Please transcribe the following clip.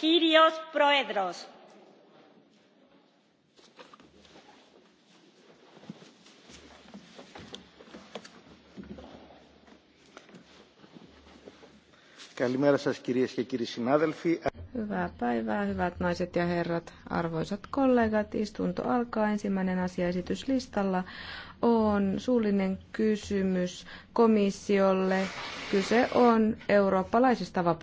Kyrios Proedros. Hyvää päivää, hyvät naiset ja herrat, arvoisat kollegat. Istunto alkaa. Ensimmäinen asia on suullinen kysymys komissiolle. Kyse on eurooppalaisista vapaa